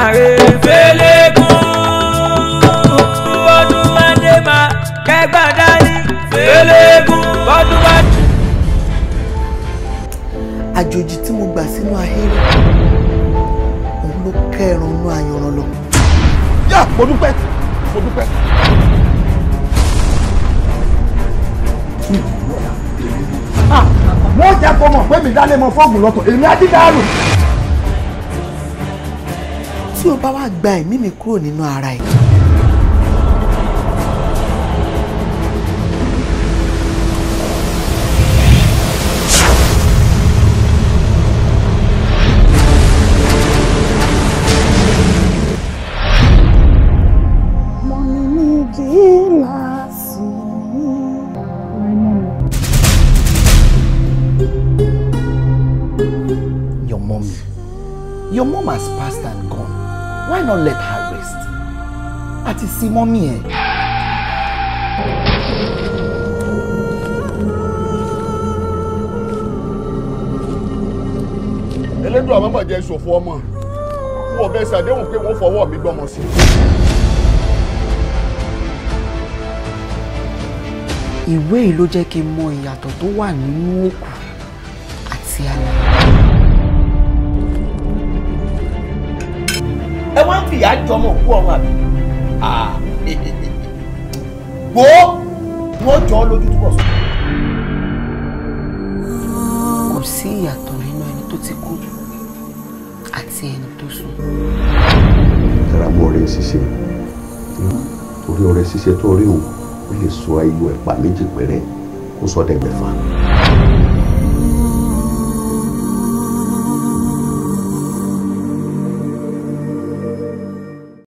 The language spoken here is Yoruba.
jàre. fẹlẹ́kùn bọ́dún máa dé máa kẹgbà dání. fẹlẹ́kùn bọ́dún máa. àjòjì tí mo gbà sínú ahéré òun ló kẹrùn inú ayanran lọ. yá mo dúpẹ́ mo dúpẹ́. Ah, wọ́n jẹ́ kó mọ̀ pé mi dálé mọ fọ́ọ̀gù lọ́tọ̀ èmi á dídá rù tí o bá wá gba ẹ̀mí mi kúrò nínú ara ẹ̀. Your mom has passed and gone why not let her rest Ati sí mọ́mí ẹ̀. elédùn àwọn ọmọ jẹ ìṣòfò ọmọ wọn ò bẹ ṣàdéhùn pé wọn fọwọ́ mi gbọ́mọ sí i. ìwé yìí ló jẹ́ kí n mọ ìyàtọ̀ tó wà nínú òkú àti ẹ wá ń fìyà jọ ọmọ òkú ọ̀run àbí gbó wọ́n jọ ọ lójú túbọ̀ sọ. kò sí ìyàtọ̀ nínú ẹni tó ti kú àti ẹni tó sùn. tara mọ ọrẹ ṣíṣe torí ọrẹ ṣíṣe tó rí òun ó lè sọ ayò ẹ̀pà méjì péré kó sọ dẹgbẹ̀fà.